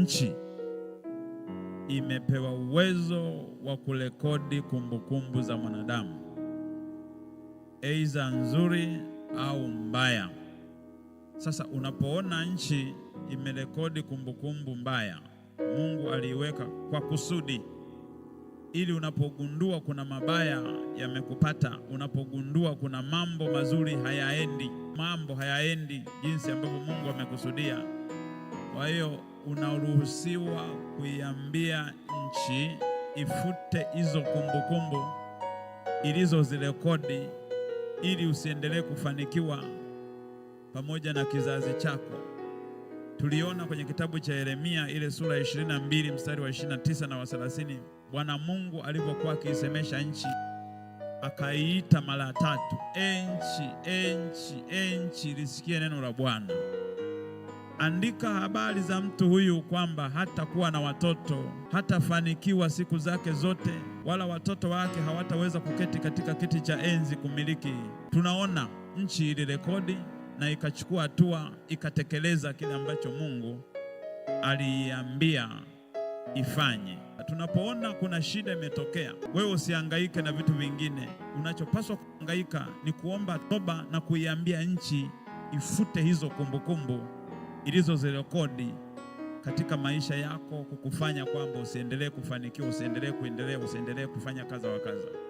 nchi imepewa uwezo wa kurekodi kumbukumbu za mwanadamu, aidha nzuri au mbaya. Sasa unapoona nchi imerekodi kumbukumbu mbaya, Mungu aliiweka kwa kusudi, ili unapogundua kuna mabaya yamekupata, unapogundua kuna mambo mazuri hayaendi, mambo hayaendi jinsi ambavyo Mungu amekusudia. Kwa hiyo unaruhusiwa kuiambia nchi ifute hizo kumbukumbu ilizozirekodi ili usiendelee kufanikiwa pamoja na kizazi chako. Tuliona kwenye kitabu cha Yeremia ile sura ya 22 mstari wa 29 na wa 30, Bwana Mungu alivyokuwa akiisemesha nchi akaiita mara tatu, enchi, enchi, enchi, lisikie neno la Bwana. Andika habari za mtu huyu kwamba hatakuwa na watoto, hatafanikiwa siku zake zote, wala watoto wake hawataweza kuketi katika kiti cha enzi kumiliki. Tunaona nchi ilirekodi na ikachukua hatua, ikatekeleza kile ambacho Mungu aliiambia ifanye. Tunapoona kuna shida imetokea, wewe usihangaike na vitu vingine. Unachopaswa kuhangaika ni kuomba toba na kuiambia nchi ifute hizo kumbukumbu kumbu ilizozirekodi katika maisha yako kukufanya kwamba usiendelee kufanikiwa, usiendelee kuendelea, usiendelee kufanya kaza wa kaza.